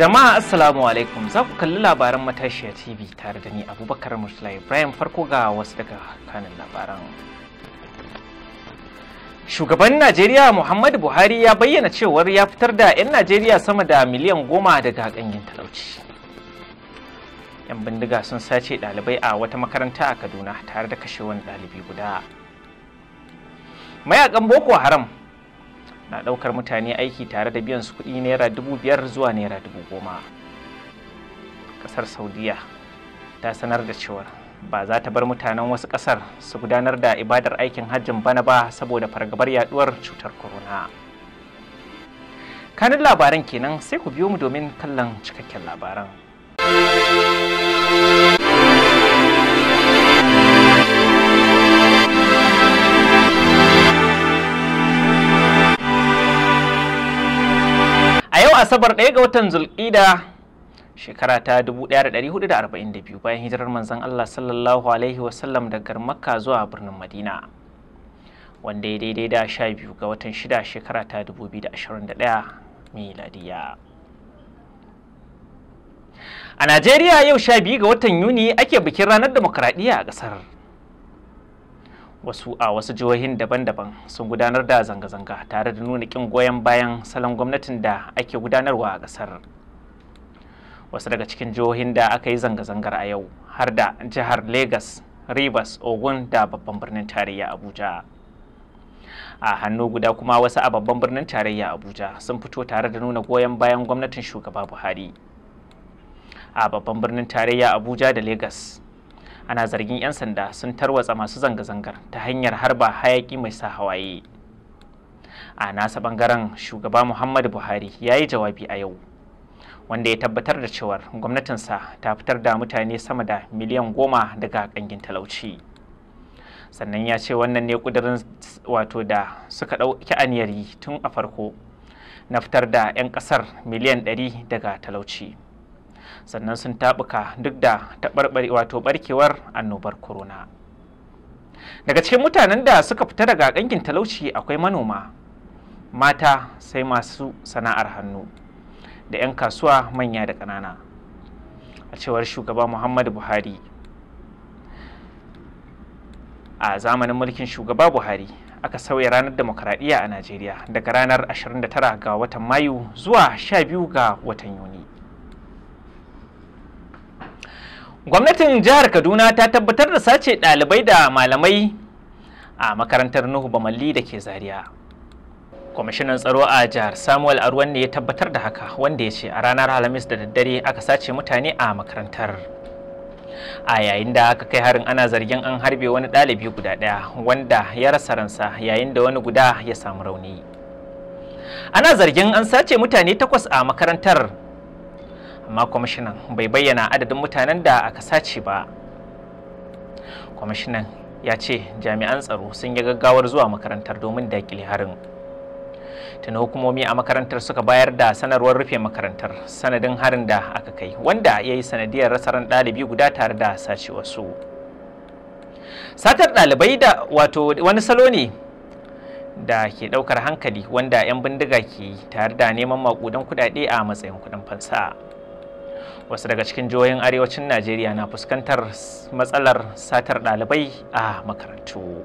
Jama'a Assalamu alaikum za ku kalli labaran matashiya TV tare da ni Abubakar musulai Ibrahim farko ga wasu daga kanin labaran. Shugaban Najeriya Muhammadu Buhari ya bayyana cewar ya fitar da 'yan Najeriya sama da miliyan goma daga ganyen talauci. 'Yan bindiga sun sace ɗalibai a wata makaranta a Kaduna tare da kashe wani ɗalibi guda. Mayakan Boko Haram na ɗaukar mutane aiki tare da biyan su kuɗi naira dubu biyar zuwa naira dubu goma ƙasar saudiya ta sanar da cewar ba za ta bar mutanen wasu ƙasar su gudanar da ibadar aikin hajjin bana ba saboda fargabar yaduwar cutar corona kanin labaran kenan sai ku biyo mu domin kallon cikakken labaran asabar ɗaya ga watan zulƙida shekara ta 1442 bayan hijirar manzon Allah sallallahu alaihi wasallam daga makka zuwa birnin madina wanda ya daidai da 12 ga watan 6 shekara ta 2021 miladiya a najeriya yau 12 ga watan yuni ake bikin ranar demokradiyya a ƙasar wasu a wasu jihohin daban-daban sun gudanar da zanga-zanga tare da nuna kin goyon bayan salon gwamnatin da ake gudanarwa a ƙasar wasu daga cikin jihohin da aka yi zanga-zangar a yau har da jihar lagos rivers ogun da babban birnin tarayya abuja a hannu guda kuma wasu a babban birnin tarayya abuja sun fito tare da nuna goyon bayan gwamnatin shugaba buhari a babban birnin tarayya abuja da lagos ana zargin 'yan sanda sun tarwatsa masu zanga-zangar ta hanyar harba hayaki mai sa hawaye a nasa bangaren shugaba muhammadu buhari ya yi jawabi a yau wanda ya tabbatar da cewar gwamnatinsa ta fitar da mutane sama da miliyan goma daga kangin talauci sannan ya ce wannan ne kudirin wato da suka ɗauki aniyar yi tun a farko na fitar da 'yan ƙasar miliyan 100 daga talauci sannan sun tabuka duk da taɓarɓare wato barkewar annobar corona daga cikin mutanen da suka fita daga ƙangin talauci akwai manoma mata sai masu sana'ar hannu da 'yan kasuwa manya da ƙanana a cewar shugaba muhammadu buhari a zamanin mulkin shugaba buhari aka sauya ranar demokradiyya a najeriya daga ranar 29 ga watan mayu zuwa 12 ga watan yuni gwamnatin jihar kaduna ta tabbatar da sace ɗalibai da malamai a makarantar nuhu bamalli da ke zaria kwamishinan tsaro a jihar samuel arwan ne ya tabbatar da haka wanda ya ce a ranar alhamis da daddare aka sace mutane a makarantar a yayin da aka kai harin ana zargin an harbe wani ɗalibi guda ɗaya wanda ya rasa ransa yayin da wani guda ya samu rauni ana zargin an sace mutane takwas a makarantar amma kwamishinan bai bayyana adadin mutanen da aka sace ba kwamishinan ya ce jami'an tsaro sun yi gaggawar zuwa makarantar domin daƙile harin tuna hukumomi a makarantar suka bayar da sanarwar rufe makarantar sanadin harin da aka kai wanda ya yi sanadiyar rasa ran ɗalibi guda tare da sace wasu satar ɗalibai da wato wani salo ne da ke ɗaukar hankali wanda 'yan bindiga ke tare da neman makudan kuɗaɗe a matsayin kuɗin fansa. wasu daga cikin jihohin arewacin najeriya na fuskantar matsalar satar ɗalibai a makarantu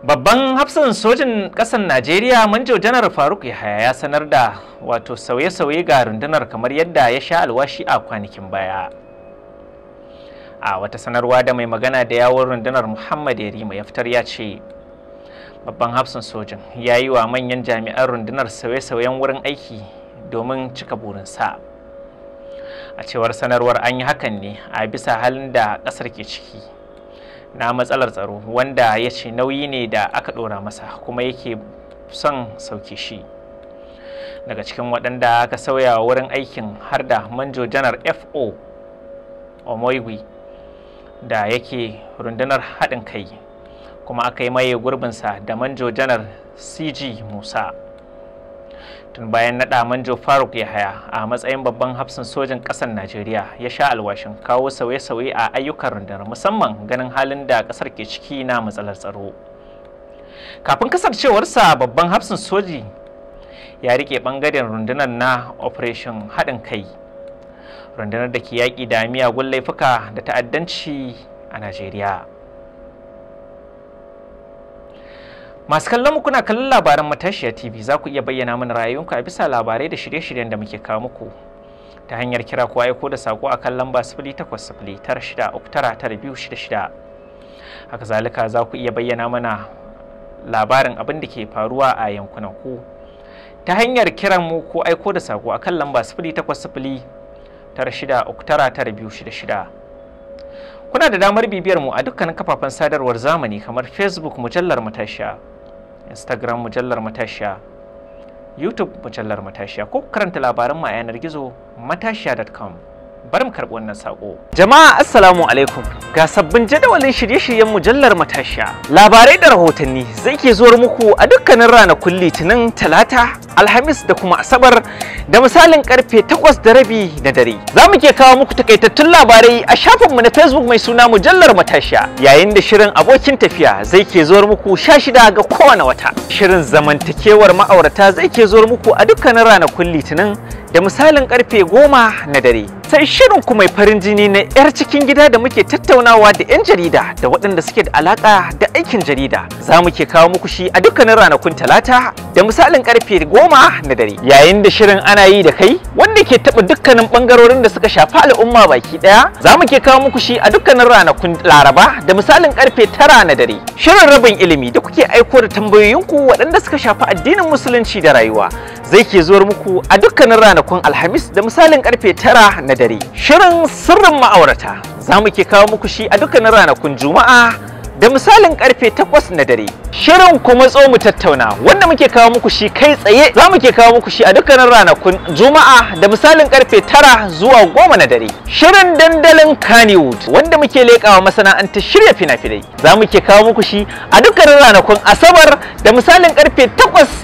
babban hafsan sojin ƙasar najeriya manjo janar faruk yahaya ya sanar da wato sauye-sauye ga rundunar kamar yadda ya sha alwashi a kwanakin baya a wata sanarwa da mai magana da yawon rundunar muhammad yarima ya fitar ya ce babban hafsan sojin ya yi wa manyan jami'an rundunar sauye-sauyen wurin aiki domin cika burinsa a cewar sanarwar an yi hakan ne a bisa halin da ƙasar ke ciki na matsalar tsaro wanda ya ce nauyi ne da aka ɗora masa kuma yake son sauke shi daga cikin waɗanda aka sauya wurin aikin har da manjo janar fo omoigui da yake rundunar haɗin kai kuma aka yi maye gurbinsa da manjo janar cg musa tun bayan naɗa manjo faruk yahaya a matsayin babban hafsin sojin ƙasar najeriya ya sha alwashin kawo sauye-sauye a ayyukan rundunar musamman ganin halin da ƙasar ke ciki na matsalar tsaro kafin kasancewarsa babban hafsin soji ya rike bangaren rundunar na operation haɗin kai rundunar da ke yaƙi da miyagun laifuka da ta'addanci a najeriya Masu kallon mu kuna kallon labaran matashiya TV za ku iya bayyana mana ra'ayoyinku a bisa labarai da shirye-shiryen da muke kawo muku. Ta hanyar kira ko aiko da sako a kan lamba 0809639266. Haka zalika za ku iya bayyana mana labarin abin da ke faruwa a yankunan ku. Ta hanyar kiran mu ko aiko da sako a kan lamba 0809639266. Kuna da damar bibiyar mu a dukkanin kafafen sadarwar zamani kamar Facebook mujallar matashiya. instagram mujallar matashiya youtube mujallar matashiya ko karanta labaran ma yanar gizo matashiya.com bari mu karɓi wannan saƙo. Jama'a Assalamu alaikum ga sabbin jadawalin shirye-shiryen mujallar matashiya. Labarai da rahotanni zai ke zuwar muku a dukkanin ranakun Litinin, Talata, Alhamis da kuma Asabar da misalin karfe takwas da rabi na dare. Za mu ke kawo muku takaitattun labarai a shafinmu na Facebook mai suna mujallar matashiya yayin da shirin abokin tafiya zai ke zuwar muku sha shida ga kowane wata. Shirin zamantakewar ma'aurata zai ke zuwar muku a dukkanin ranakun Litinin da misalin karfe goma na dare. sai shirinku mai farin jini na 'yar cikin gida da muke tattaunawa da 'yan jarida da waɗanda suke da alaƙa da aikin jarida za mu ke kawo muku shi a dukkanin ranakun talata da misalin karfe goma na dare yayin da shirin ana yi da kai wanda ke taɓa dukkanin ɓangarorin da suka shafi al'umma baki ɗaya za mu ke kawo muku shi a dukkanin ranakun laraba da misalin karfe tara na dare shirin rabin ilimi da kuke aiko da tambayoyinku waɗanda suka shafi addinin musulunci da rayuwa zai ke zuwar muku a dukkanin ranakun Alhamis da misalin karfe tara na dare. Shirin sirrin ma'aurata za mu ke kawo muku shi a dukkanin ranakun Juma'a da misalin karfe 8 na dare shirin kuma tso mu tattauna wanda muke kawo muku shi kai tsaye za mu ke kawo muku shi a dukkanin ranakun juma'a da misalin karfe 9 zuwa 10 na dare shirin dandalin Kannywood wanda muke leƙawa masana'antar shirya fina-finai za mu ke kawo muku shi a dukkanin ranakun asabar da misalin karfe 8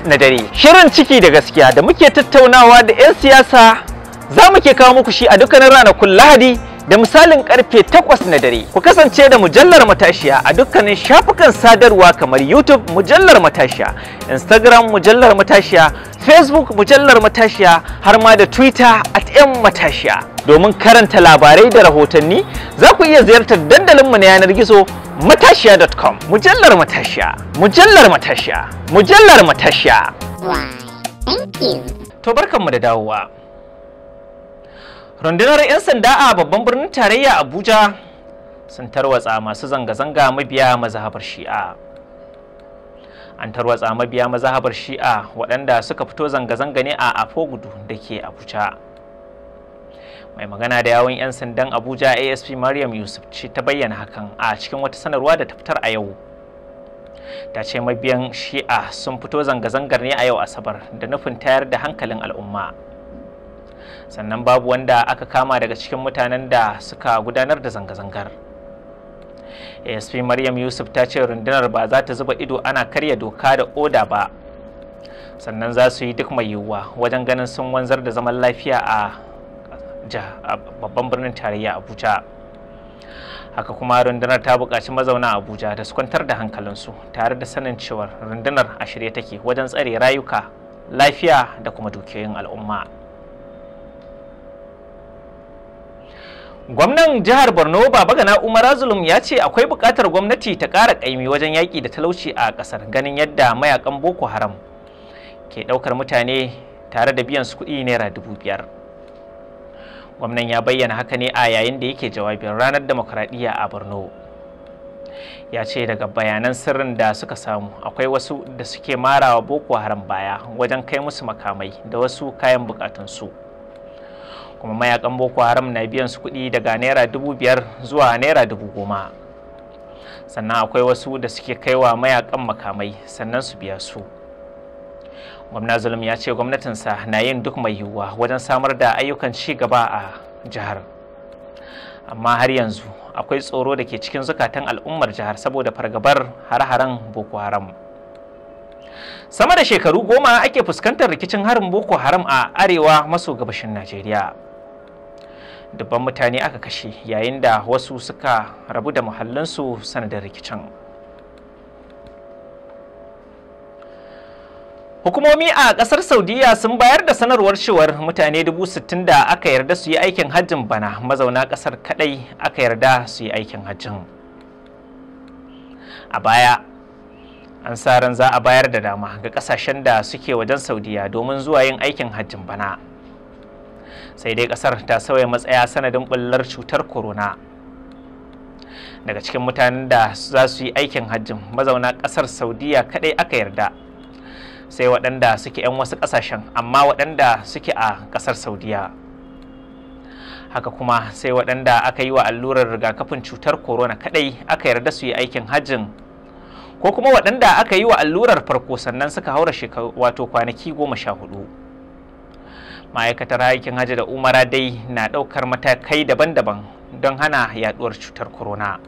na dare shirin ciki da gaskiya da muke tattaunawa da 'yan siyasa za mu ke kawo muku shi a dukkanin ranakun lahadi da misalin karfe 8 na dare. Ku kasance da mujallar matashiya a dukkanin shafukan sadarwa kamar YouTube mujallar matashiya, Instagram mujallar matashiya, Facebook mujallar matashiya har ma da Twitter at M matashiya. Domin karanta labarai da rahotanni za ku iya ziyartar dandalinmu na yanar gizo matashiya.com mujallar matashiya mujallar matashiya mujallar matashiya. Thank you. To barkanmu da dawowa. rundunar 'yan sanda a babban birnin tarayya abuja sun tarwatsa masu zanga-zanga mabiya mazhabar shi'a an tarwatsa mabiya mazhabar shi'a waɗanda suka fito zanga-zanga ne a afogudu da ke abuja mai magana da yawon 'yan sandan abuja asp mariam yusuf ce ta bayyana hakan a cikin wata sanarwa da ta fitar a yau ta ce mabiyan shi'a sun fito zanga-zangar ne a yau asabar da nufin tayar da hankalin al'umma sannan babu wanda aka kama daga cikin mutanen da suka gudanar da zanga-zangar asp maryam yusuf ta ce rundunar ba za ta zuba ido ana karya doka da oda ba sannan za su yi duk mai yiwuwa wajen ganin sun wanzar da zaman lafiya a babban birnin tarayya abuja haka kuma rundunar ta buƙaci mazauna abuja da su kwantar da hankalinsu tare da sanin cewar rundunar a shirye take wajen tsare rayuka lafiya da kuma dukiyoyin al'umma Gwamnan jihar Borno Babagana Umar Azulum ya ce akwai buƙatar gwamnati ta ƙara ƙaimi wajen yaƙi da talauci a ƙasar ganin yadda mayakan Boko Haram ke ɗaukar mutane tare da biyan su kuɗi naira dubu biyar. Gwamnan ya bayyana haka ne a yayin da yake jawabin ranar demokuraɗiyya a Borno. Ya ce daga bayanan sirrin da suka samu akwai wasu da suke marawa Boko Haram baya wajen kai musu makamai da wasu kayan buƙatunsu. su. kuma mayakan boko haram na biyan su kuɗi daga naira dubu biyar zuwa naira dubu goma sannan akwai wasu da suke kaiwa mayakan makamai sannan su biya su gwamna zulum ya ce gwamnatinsa na yin duk mai yiwuwa wajen samar da ayyukan ci gaba a jihar amma har yanzu akwai tsoro da ke cikin zukatan al'ummar jihar saboda fargabar har-haren boko haram sama da shekaru goma ake fuskantar rikicin harin boko haram a arewa maso gabashin najeriya dubban mutane aka kashe yayin da wasu suka rabu da muhallinsu sanadin rikicin hukumomi a ƙasar saudiya sun bayar da sanarwar cewar mutane dubu sittin da aka yarda su yi aikin hajjin bana mazauna ƙasar kadai aka yarda su yi aikin hajjin a baya an sa za a bayar da dama ga kasashen da suke wajen saudiya domin zuwa yin aikin hajjin bana sai dai kasar ta sauya matsaya sanadin bullar cutar corona daga cikin mutanen da za su yi aikin hajjin mazauna kasar saudiya kadai aka yarda sai waɗanda suke 'yan wasu ƙasashen amma waɗanda suke a ƙasar saudiya haka kuma sai waɗanda aka yi wa allurar rigakafin cutar corona kadai aka yarda su yi aikin hajjin ko kuma waɗanda aka yi wa allurar farko sannan suka haura shekaru wato kwanaki goma sha hudu ma'aikatar aikin hajji da umara dai na ɗaukar matakai daban-daban don hana yaduwar cutar corona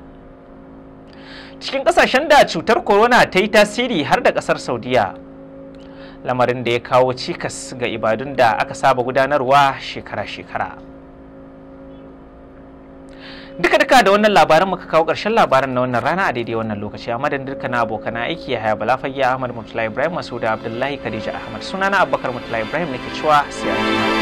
cikin ƙasashen da cutar corona ta yi tasiri har da ƙasar saudiya lamarin da ya kawo cikas ga ibadun da aka saba gudanarwa shekara-shekara duka duka da wannan labaran muka kawo ƙarshen labaran na wannan rana a daidai wannan lokaci amma da duka na abokan aiki ya haya balafagiya ahmad mutula ibrahim masu da abdullahi khadija ahmad sunana abubakar mutula ibrahim nake cewa sai